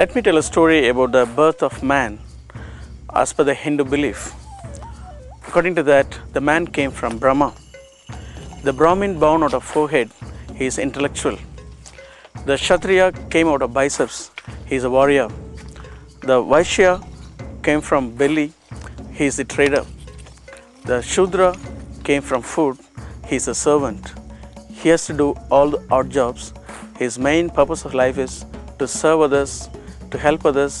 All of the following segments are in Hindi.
Let me tell a story about the birth of man as per the Hindu belief. According to that, the man came from Brahma. The Brahmin born out of forehead, he is intellectual. The Kshatriya came out of biceps, he is a warrior. The Vaishya came from belly, he is a trader. The Shudra came from food, he is a servant. He has to do all the odd jobs. His main purpose of life is to serve others to help others,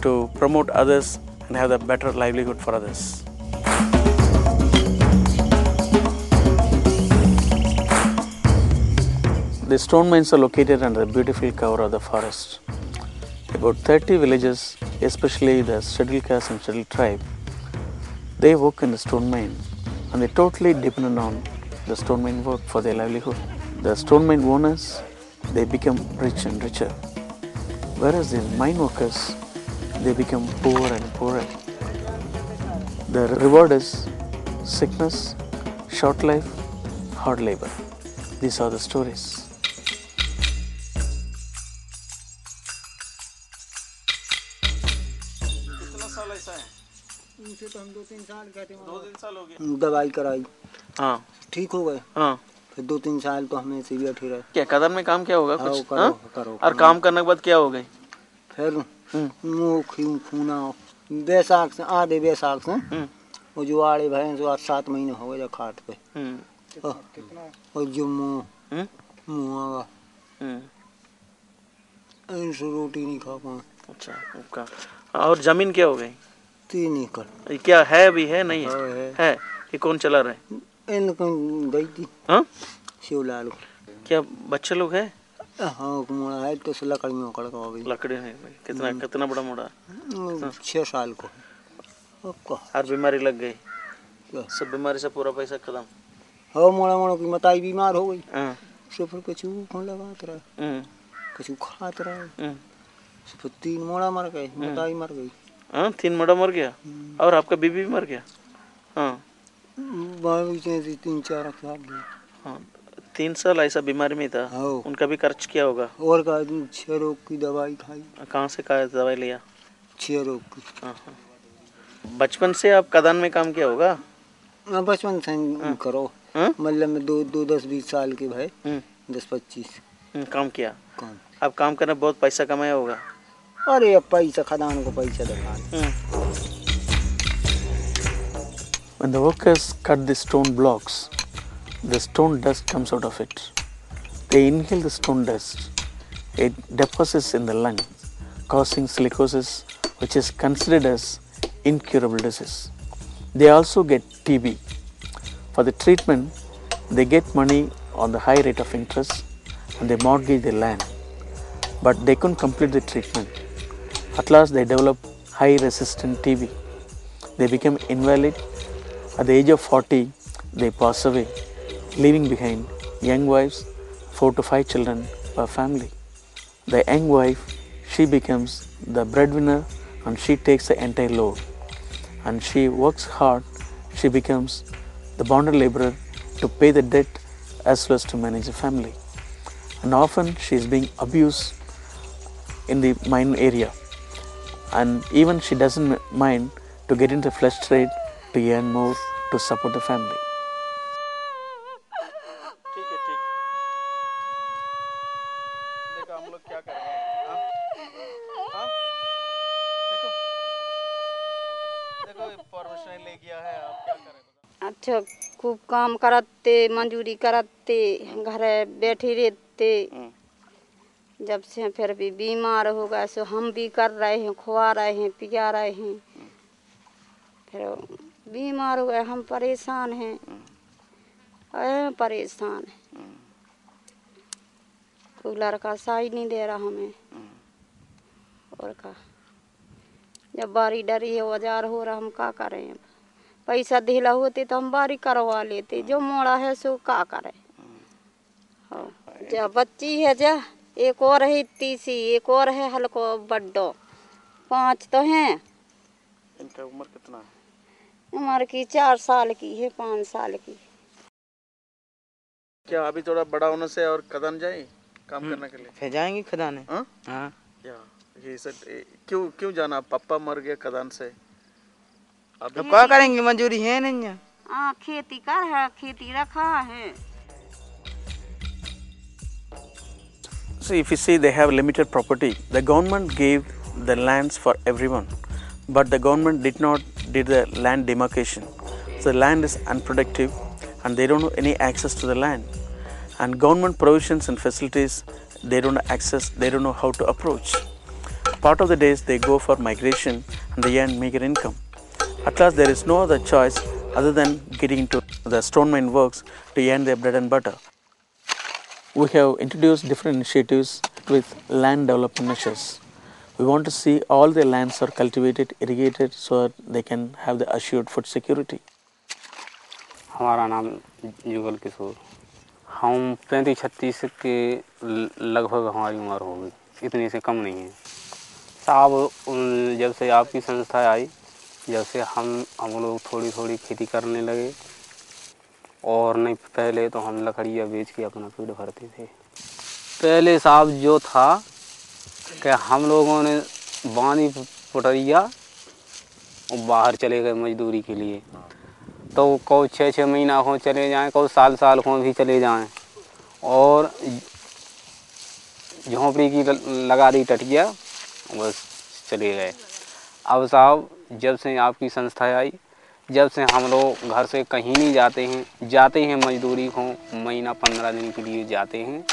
to promote others and have a better livelihood for others. The stone mines are located under the beautiful cover of the forest. About 30 villages, especially the scheduled caste and scheduled tribe, they work in the stone mine and they totally depend on the stone mine work for their livelihood. The stone mine owners, they become rich and richer. Whereas the mine workers, they become poor and poorer. The reward is sickness, short life, hard labor. These are the stories. दो तीन साल हो गए दवाई कराई हाँ ठीक हो गए हाँ फिर दो तीन साल तो हमें इसी बैठे रहे क्या कदम में काम क्या होगा कुछ करो, हाँ? करो, और करो, काम करने के बाद क्या हो गई फिर हम्म। खूना बैसाख से आधे बैसाख से हम्म। वो जो आड़े भैंस आज सात महीने हो गए खाट पे और हम्म। जो मुँह मुँह आगा रोटी नहीं खा पाए अच्छा और जमीन क्या हो गई तीन एकड़ क्या है भी है नहीं हाँ, है, है? कि कौन चला रहे गई थी शिवलाल क्या बच्चे लोग है हाँ है तो लकड़ी में उकड़ का लकड़ी है कितना हम्म। कितना बड़ा मोड़ा हाँ। छः साल को हर बीमारी लग गई सब बीमारी से पूरा पैसा खत्म हो हाँ, मोड़ा मोड़ा की मताई बीमार हो गई हाँ। सो फिर कुछ लगात रहा हम्म। कुछ खात रहा हम्म। सो फिर तीन मोड़ा मर गए मताई मर गई हाँ तीन मोड़ा मर गया और आपका बीबी भी मर गया हाँ तीन चार लाख हाँ, तीन साल ऐसा बीमारी में था हाँ उनका भी खर्च किया होगा और का रोग की दवाई खाई हाँ, कहाँ से कहा दवाई लिया छह रोग की हाँ, बचपन से आप कदान में काम किया होगा हाँ बचपन से करो मतलब मैं दो दो दस बीस साल के भाई दस पच्चीस काम किया काम आप काम करना बहुत पैसा कमाया होगा अरे अब पैसा खदान को पैसा दबा When the workers cut the stone blocks, the stone dust comes out of it. They inhale the stone dust. It deposits in the lung, causing silicosis, which is considered as incurable disease. They also get TB. For the treatment, they get money on the high rate of interest and they mortgage their land. But they couldn't complete the treatment. At last, they develop high resistant TB. They become invalid at the age of 40, they pass away, leaving behind young wives, four to five children per family. The young wife, she becomes the breadwinner and she takes the entire load. And she works hard, she becomes the bonded laborer to pay the debt as well as to manage the family. And often she is being abused in the mine area. And even she doesn't mind to get into flesh trade to earn more to support the family. हाँ? हाँ? अच्छा खूब काम करते मंजूरी करते घर बैठे रहते हम्म। जब से फिर भी बीमार हो गए सो हम भी कर रहे हैं खुआ रहे हैं पिया रहे हैं हम्म। फिर बीमार हुए हम परेशान हैं परेशान है कूलर तो का साई नहीं दे रहा हमें और का जब बारी डरी है औजार हो रहा हम का करें पैसा ढीला होते तो हम बारी करवा लेते जो मोड़ा है सो का करे जब बच्ची है जा एक और है इतनी सी एक और है हल्को बड्डो पांच तो हैं इनका उम्र कितना है उम्र की चार साल की है पाँच साल की क्या अभी थोड़ा बड़ा होने से और खदान जाए काम हम्म। करने के लिए फिर जाएंगे खदान है हाँ? हाँ। ये सर क्यों क्यों जाना पापा मर गया खदान से अब क्या करेंगे मजदूरी है नहीं हाँ खेती कर है खेती रखा है So if you see they have limited property, the government gave the lands for everyone, but the government did not did the land demarcation. So the land is unproductive and they don't have any access to the land. And government provisions and facilities they don't access, they don't know how to approach. Part of the days they go for migration and they earn meager income. At last there is no other choice other than getting into the stone mine works to earn their bread and butter. We have introduced different initiatives with land development measures. We want to see all the lands are cultivated, irrigated so that they can have the assured food security. हमारा नाम जुगल किशोर हम पैंतीस छत्तीस के लगभग हमारी उम्र होगी इतने से कम नहीं है साहब जब से आपकी संस्था आई जब से हम हम लोग थोड़ी थोड़ी खेती करने लगे और नहीं पहले तो हम लकड़ियाँ बेच के अपना पेट भरते थे पहले साहब जो था कि हम लोगों ने बांधी पटरिया और बाहर चले गए मजदूरी के लिए तो कौ छः छः महीना हो चले जाएं कौ साल साल हो भी चले जाएं और झोंपड़ी की लगा दी टटिया बस चले गए अब साहब जब से आपकी संस्था आई जब से हम लोग घर से कहीं नहीं जाते हैं जाते हैं मजदूरी को महीना पंद्रह दिन के लिए जाते हैं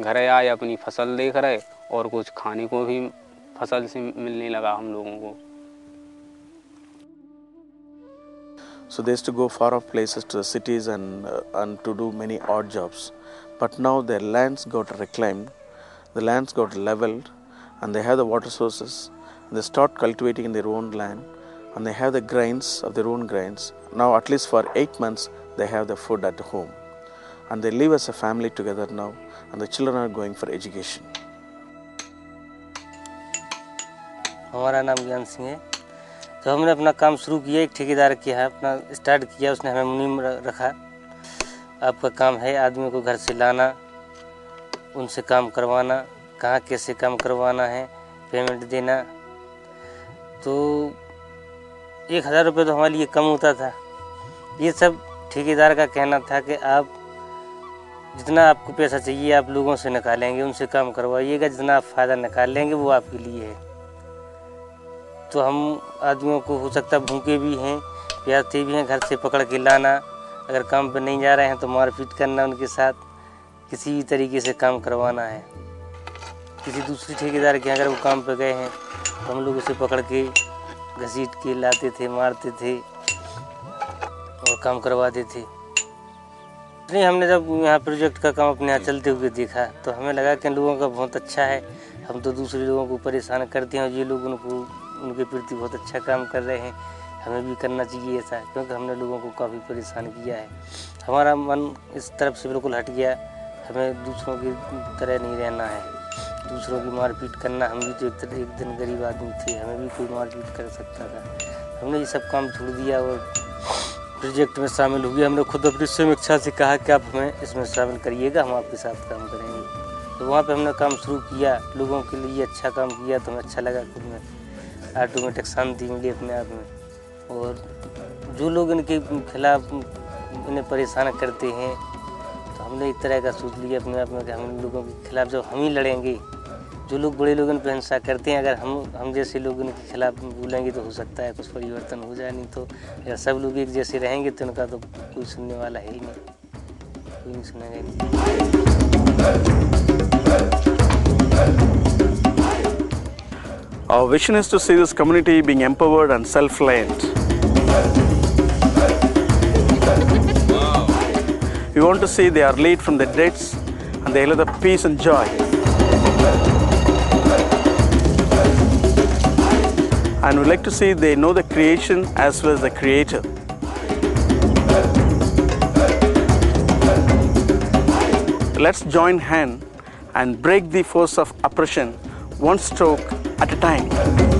घर आए अपनी फसल देख रहे और कुछ खाने को भी फसल से मिलने लगा हम लोगों को So they used to go far off places to the cities and uh, and to do many odd jobs. But now their lands got reclaimed, the lands got leveled, and they have the water sources. And they start cultivating in their own land, and they have the grains of their own grains. Now at least for eight months they have the food at home, and they live as a family together now, and the children are going for education. हमारा नाम ज्ञान सिंह है तो हमने अपना काम शुरू किया एक ठेकेदार किया यहाँ अपना स्टार्ट किया उसने हमें मुनीम रखा आपका काम है आदमी को घर से लाना उनसे काम करवाना कहाँ कैसे काम करवाना है पेमेंट देना तो एक हज़ार रुपये तो हमारे लिए कम होता था ये सब ठेकेदार का कहना था कि आप जितना आपको पैसा चाहिए आप लोगों से निकालेंगे उनसे काम करवाइएगा जितना आप फ़ायदा निकाल लेंगे वो आपके लिए है तो हम आदमियों को हो सकता है भूखे भी हैं प्यासे भी हैं घर से पकड़ के लाना अगर काम पर नहीं जा रहे हैं तो मारपीट करना उनके साथ किसी भी तरीके से काम करवाना है किसी दूसरे ठेकेदार के अगर वो काम पर गए हैं तो हम लोग उसे पकड़ के घसीट के लाते थे मारते थे और काम करवाते थे नहीं हमने जब यहाँ प्रोजेक्ट का काम अपने यहाँ चलते हुए देखा तो हमें लगा कि लोगों का बहुत अच्छा है हम तो दूसरे लोगों को परेशान करते हैं और ये लोग उनको उनके प्रति बहुत अच्छा काम कर रहे हैं हमें भी करना चाहिए ऐसा क्योंकि हमने लोगों को काफ़ी परेशान किया है हमारा मन इस तरफ से बिल्कुल हट गया हमें दूसरों की तरह नहीं रहना है दूसरों की मारपीट करना हम भी तो एक तरह एक दिन गरीब आदमी थे हमें भी कोई मारपीट कर सकता था हमने ये सब काम छोड़ दिया और प्रोजेक्ट में शामिल हुए हमने खुद अपनी इच्छा से कहा कि आप हमें इसमें शामिल करिएगा हम आपके साथ काम करेंगे तो वहाँ पे हमने काम शुरू किया लोगों के लिए अच्छा काम किया तो हमें अच्छा लगा खुद में ऑटोमेटिक शांति मिली अपने आप में और जो लोग इनके खिलाफ इन्हें परेशान करते हैं तो हमने एक तरह का सोच लिया अपने आप में कि हम लोगों के खिलाफ जब हम ही लड़ेंगे जो लोग बड़े लोग इन पर हिंसा करते हैं अगर हम हम जैसे लोग इनके खिलाफ बोलेंगे तो हो सकता है कुछ परिवर्तन हो जाए नहीं तो अगर सब लोग एक जैसे रहेंगे तो इनका तो कोई सुनने वाला है ही नहीं कोई नहीं सुनेगा Our vision is to see this community being empowered and self-reliant. We want to see they are lead from the debts and they live the peace and joy. And we'd like to see they know the creation as well as the creator. Let's join hand and break the force of oppression one stroke at a time.